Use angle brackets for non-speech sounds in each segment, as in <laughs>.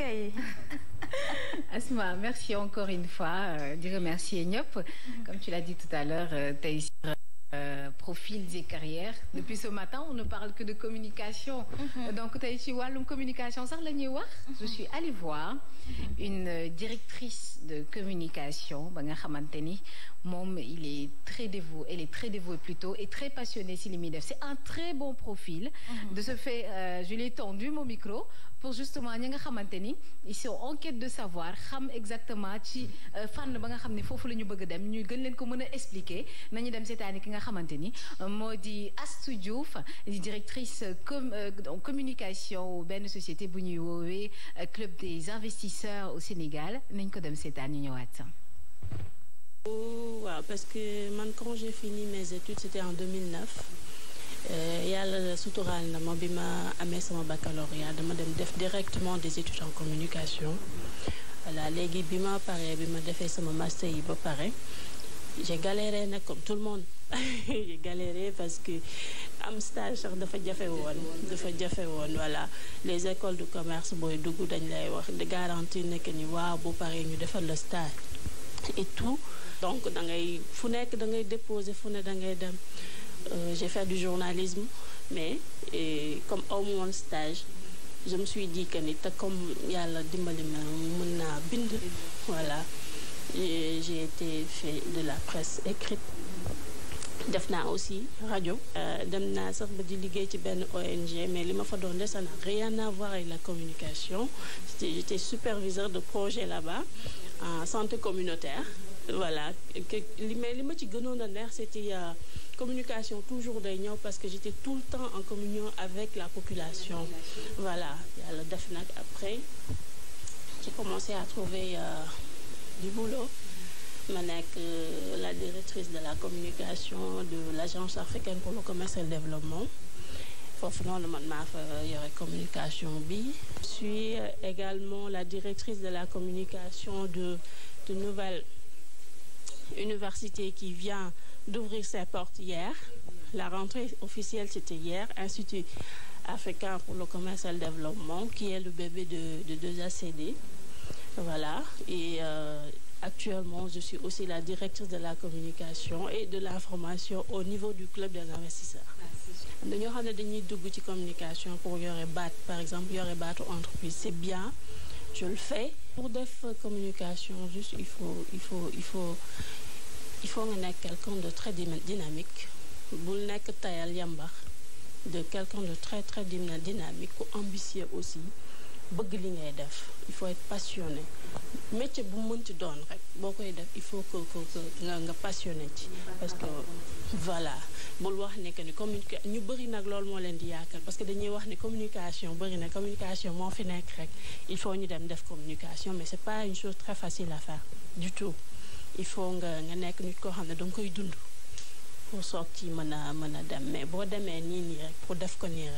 kay <laughs> Asma merci encore une fois euh, di remercier ñëpp mm-hmm. comme tu l'as dit tout à l'heure euh, Euh, profils et carrières. Mm-hmm. Depuis ce matin on ne parle que de communication. Mm -hmm. donc tey ci wàllum communication sax la ñuy wax. Mm-hmm. je suis allée voir mm-hmm. une euh, directrice de communication ba nga xamante ni moom il est très dévoué elle est très dévouée plutôt et très passionnée si li muy def c'est un très bon profil. Mm -hmm. de ce fait euh, je micro pour justement ñi nga xamante ni ils sont en de savoir xam exactement ci euh, fànn ba nga xam ne foofu la ñu bëgg a dem ñu gën leen ko mën a expliquer nañu dem seetaani nga xamante ni moo di Astou Diouf di directrice com euh, communication benn société bu ñuy woowee euh, club des investisseurs au Sénégal nañ ko dem seetaan ñu ñëwaat. Oh, waaw parce que man quand j'ai fini mes études c'était en 2009 euh, yàlla suturaal na ma bi ma amee sama baccalauréat dama dem def directement des études en communication voilà léegi bi ma paree bi ma defee sama master yi ba pare j'ai galéré nag comme tout le monde. j'ai parce que am stage sax dafa jafe woon dafa jafe woon voilà les écoles du commerce booy dugg dañ lay wax de garantir nekk ni waaw bu paree ñu defal la stage et tout donc da ngay fu nekk da ngay déposer fu ne da ngay dem euh, j'ai fait du journalisme mais et, comme aw ma stage je me suis dit te comme yàlla dimbali ma mën naa bind voilà j'ai été fait de la presse écrite def naa aussi rajo euh, dem naa sax ba di liggéey ci benn ONG mais li ma fa doon de n'a rien à voir la communication j'étais superviseur de projet là ba en santé communautaire voilà li mais li ma ci gënoon a neex c'était euh, communication toujours day ñëw parce que j'étais tout le temps en communion avec la population voilà yàlla def nag après j'ai commencé à trouver euh, boulot ma nekk euh, la directrice de la communication de l'agence africaine pour le commerce développement foofu noonu man communication bi. je suis également la directrice de la communication de de nouvelle université qui vient d'ouvrir ses portes hier. La rentrée officielle, c'était hier, Institut africain pour le commerce développement, qui est le bébé de de acd Actuellement, je suis aussi la directrice de la communication et de la formation au niveau du club des investisseurs. Ah, dañoo xam ne dañuy dugg ci communication pour yore baat par exemple yore baatu entreprise c'est bien je le fais. pour def communication juste il faut il faut il faut il faut nga nekk quelqu'un de très dynamique bul nekk tayal yambax de quelqu'un de très très dynamique ku ambitieux aussi. bëgg li ngay def il faut être passionné métier bu ci doon rek boo koy def il faut que que nga nga passionné ci parce que voilà bul wax ne que ni communica ñu bëri nag loolu moo leen di yaakaar parce que dañuy wax ni communication bëri na communication moo fi nekk rek il faut ñu dem def communication mais c'est pas une chose très facile à faire du tout il faut nga nga nekk nit koo xam ne danga koy dund pour soog ci mën a mën a dem mais boo demee nii nii rek pour def ko nii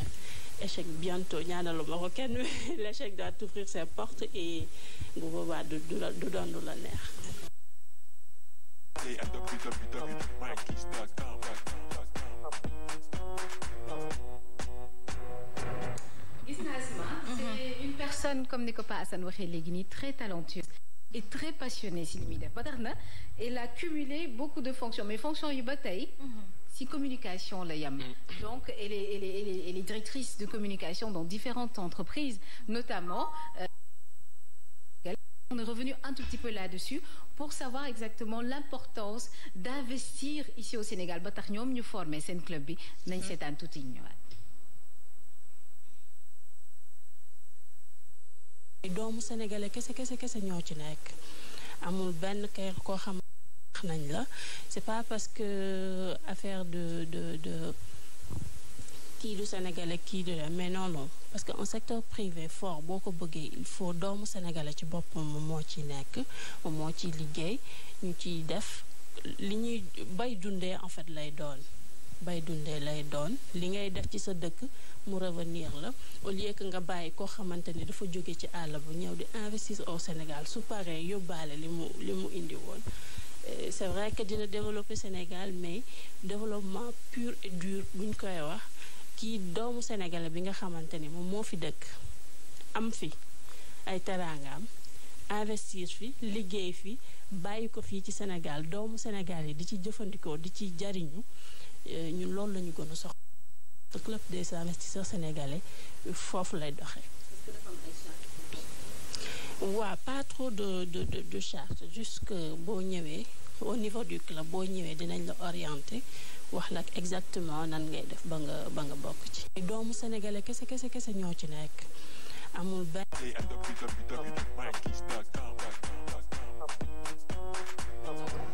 échec bientôt ñaanalu ma ko kenn l' <laughs> échec doit ouvrir ses portes et bu boobaa du du du doon lu la neex. gis naa Asma. Mhm. c'est une personne comme ni ko Pa Assane waxee léegi nii très talentueuse. et très passionnée si li muy def ba tax na elle a cumulé beaucoup de fonctions mais fonctions yu ba tey. Mhm. si communication la yam mm. donc et est elle directrice de communication dans différentes entreprises notamment euh, on est revenu un tout petit peu là-dessus pour savoir exactement l'importance d'investir ici au Sénégal ba tax ñoom ñu former seen club bi nañ mm. seetaan tuuti ñëwaat doomu sénégalais kese kese kese ñoo ci nekk amul benn kay koo nañ la c'est pas parce que euh, affaire de de de kii du sénégalais kii du la mais non non parce que un secteur privé fort boo ko bëggee il faut doomu sénégalais ci boppam moo ci nekk moo ci liggéey ñu ciy def li ñuy bay dundee en fait lay doon bay dundee lay doon li ngay def ci sa dëkk mu revenir la au lieu que nga bàyyi koo xamante ni dafa jóge ci àll bu ñëw di investir au Sénégal su paree yóbbaale li mu li mu indi woon Euh, c'est vrai que dina développer Sénégal mais développement pur et dur buñ koy wax kii doomu sénégalais bi nga xamante ni moom moo fi dëkk am fi ay teraangam investir fi liggéey fi bàyyi ko fii ci Sénégal doomu Sénégal yi di ci jëfandikoo di ci jariñu euh, ñun loolu lañu ñu gën a soxla club des investisseurs foofu lay doxee waaw pas trop de de de, de charge jusque boo ñëwee au niveau du club boo ñëwee dinañ la orienter wax la exactement nan ngay def ba nga ba nga bokk ci. doomu sénégalais kese kese kese ñoo ci nekk amul yaa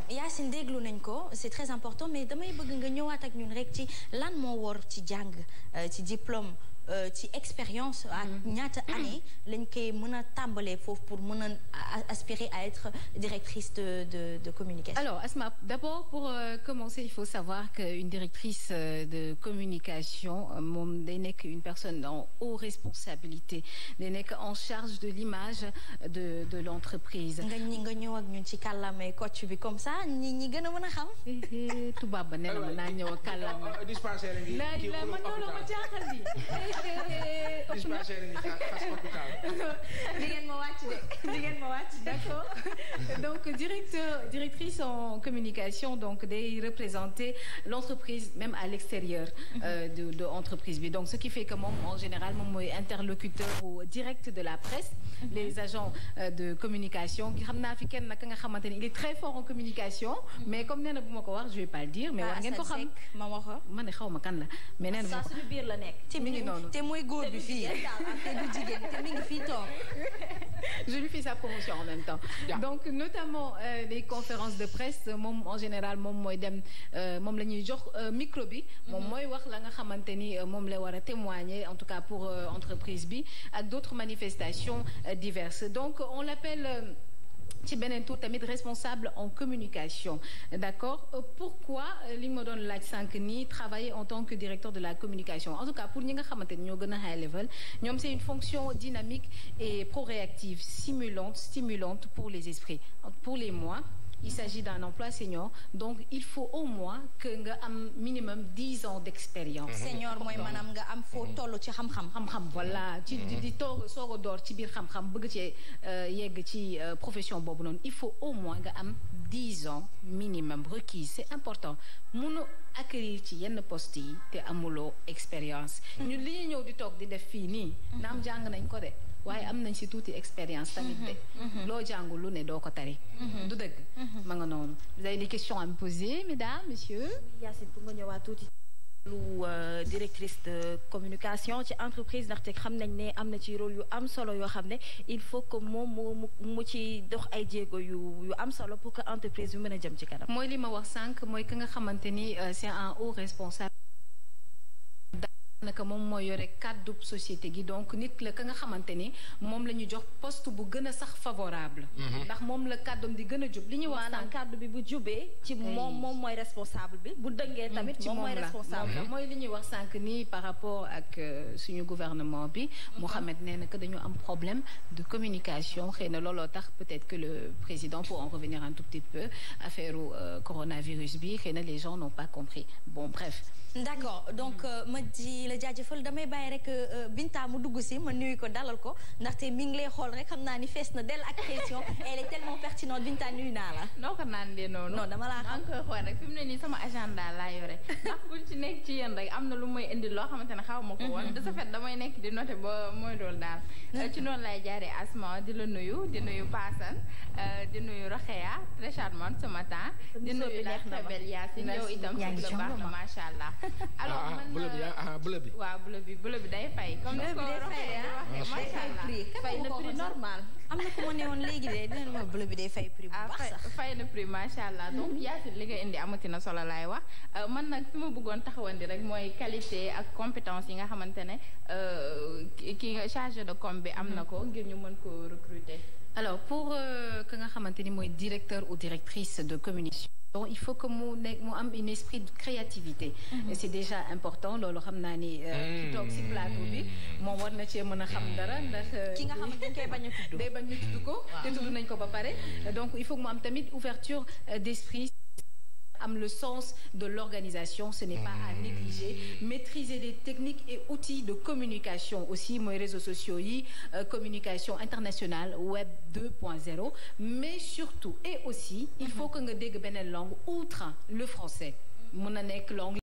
Yacine déglu nañ ko c'est très important mais damay bëgg nga ñëwaat ak ñun rek ci lan moo wor ci jàng euh, ci diplôme. Euh, ci expérience à mm-hmm. ñaata mm-hmm. année lañ koy mën a tàmbalee foofu pour mën a aspirer à être directrice de de de communication. alors Asma d'abord pour euh, commencer il faut savoir que une directrice euh, de communication moom day nekk une personne en haute responsabilité day nekk en charge de l'image de de l'entreprise. nga nga ñëw ak ñun ci kàllaamay coach bi comme ça ñi ñi gën a mën a xam. Eh, eh, tubaab ba nee na ma naa ñëw ak kàllaama. dispensaire la ma jaaxal bi. <laughs> dispensaire yi xas hôpital di ngeen ma directeur directrice en communication donc day représenter l'entreprise même à l'extérieur mhm. euh, de de bi donc ce qui fait que moom en général moom mooy interlocuteur au direct de la presse mhm. les agents euh, de communication xam naa fi kenn nag nga xamante ni il est très fort en communication mhm. mais comme nee na bu ma ko wax je vais pas le dire mais ah, war ngeen ko xam ma wax ma ne xaw ma kan la mais nee na saa suñu biir la nekk ci mi ngi noonu te mooy góor bi fii te du jigéen te fii toog je lui fais sa promotion en même temps donc notamment euh, les conférences de presse moom en général moom mooy dem euh, moom la ñuy jox euh, micro bi moom mm-hmm. mooy wax la nga xamante ni euh, moom la war a témoigner en tout cas pour entreprise bi ak d'autres manifestations diverses on l'appelle ci beneen tamit responsable en communication d'accord euh, pourquoi euh, li ma doon laaj sànq nii travailler en tant que directeur de la communication en tout cas pour ñi nga xamante ni ñoo gën a high level ñoom c'est une fonction dynamique et proréactive stimulante stimulante pour les esprits pour les mois il s'agit d'un emploi senior donc il faut au moins que nga am minimum dix ans d'expérience mhm. senior mooy maanaam nga am foo mhm. toll ci xam-xam xam-xam voilà ci mhm. di toog soog a door ci biir xam-xam bëgg ci euh, yegg ci euh, profession boobu noonu il faut au moins nga am dix ans minimum requis c'est important mu munu acquérir ci yenn poste yi te amuloo expérience ñu li ñëw di toog di def fii nii naam jàng nañ ko de waaye am nañ si tuuti expérience tamit de mm-hmm. Mm-hmm. loo jàngul lu ne doo ko tari mm-hmm. du dëgg ma nga noonu vous avez des questions à me poser mesdames messieurs Yacine bu nga ñëwaat tuuti lu euh, directrice de communication ci entreprise ndaxte xam nañ ne am na ci rôle yu am solo yoo xam ne il faut que moom mu mu ci dox ay jéego yu yu am solo pour que entreprise bi mën a jëm ci kanam mooy li ma wax sànq mooy ki nga xamante ni euh, c'est un haut responsable naka moom mooy yore kàddu société gi donc nit la ka nga xamante ni moom la ñu jox poste bu gën a sax favorable mhm. ndax moom la kàddoom di gën a jub li ñuy wax maanaam kàddu bi bu jubee ci moom moom mooy responsable bi bu dëngee tamit mm, ci moom mooy responsable bi mhm. mooy li ñuy wax sànq nii par rapport ak euh, suñu gouvernement bi mhm. Mouhamed nee na que dañu am problème de communication xëy na looloo tax peut-être que le président pour en revenir un tout petit peu affaire euh, coronavirus bi xëy na les gens n'ont pas compris la jaajëfal damay bàyyi rek euh, euh, Binta mu dugg si ma nuyu ko dalal ko ndaxte mi ngi lay xool rek xam naa ni fees na dell ak question <laughs> elle est tellement pertinente Binta nuyu naa la. noo ko naan de noonu. non dama laa xam koy xool rek fi mu nii sama agenda laa yore ndax bu nekk ci yéen rek am na lu may indi loo xamante ne xaw ma ko mhm. damay nekk di noté ba mooy loolu daal. Mhm. Euh, ci noonu lay jaaree Asma di la nuyu di nuyu Paasan di nuyu Roxeya très charmante ce matin. di nuyu la très belle Yacine yow itam. yaa ngi ci baax na macha allah. Ah, ah, ah, bleu bi. waaw bleu bi bleu bi day fay. comme ah. ne woon léegi de dinañ bi day fay prix bu ah, fay na prix macha allah donc <laughs> Yacine li nga indi amatina solo laay wax euh, man nag fi ma bëggoon taxawandi rek mooy qualité ak compétence yi nga xamante ne euh, ki nga chargé de comme bi am na ko ngir ñu mën ko recruter. alors pour euh, que nga xamante ni mooy directeur ou directrice de communication donc il faut que mu nekk mu am une esprit de créativité mm-hmm. et c'est déjà important loolu xam naa ni euh, ki mm-hmm. toog si plateau bi moom war na cee mën a xam dara mm-hmm. ndax euh, ki nga xam ne day bañ a tudd day te tudd nañ ko ba pare donc il que mu am tamit ouverture d'esprit am le sens de l'organisation ce n'est pas à mmh. négliger maîtriser des techniques et outils de communication aussi mooy réseaux sociaux yi euh, communication internationale web 2.0 mais surtout et aussi il mmh. faut que nga dégg beneen langue outre le français mën mmh. na langue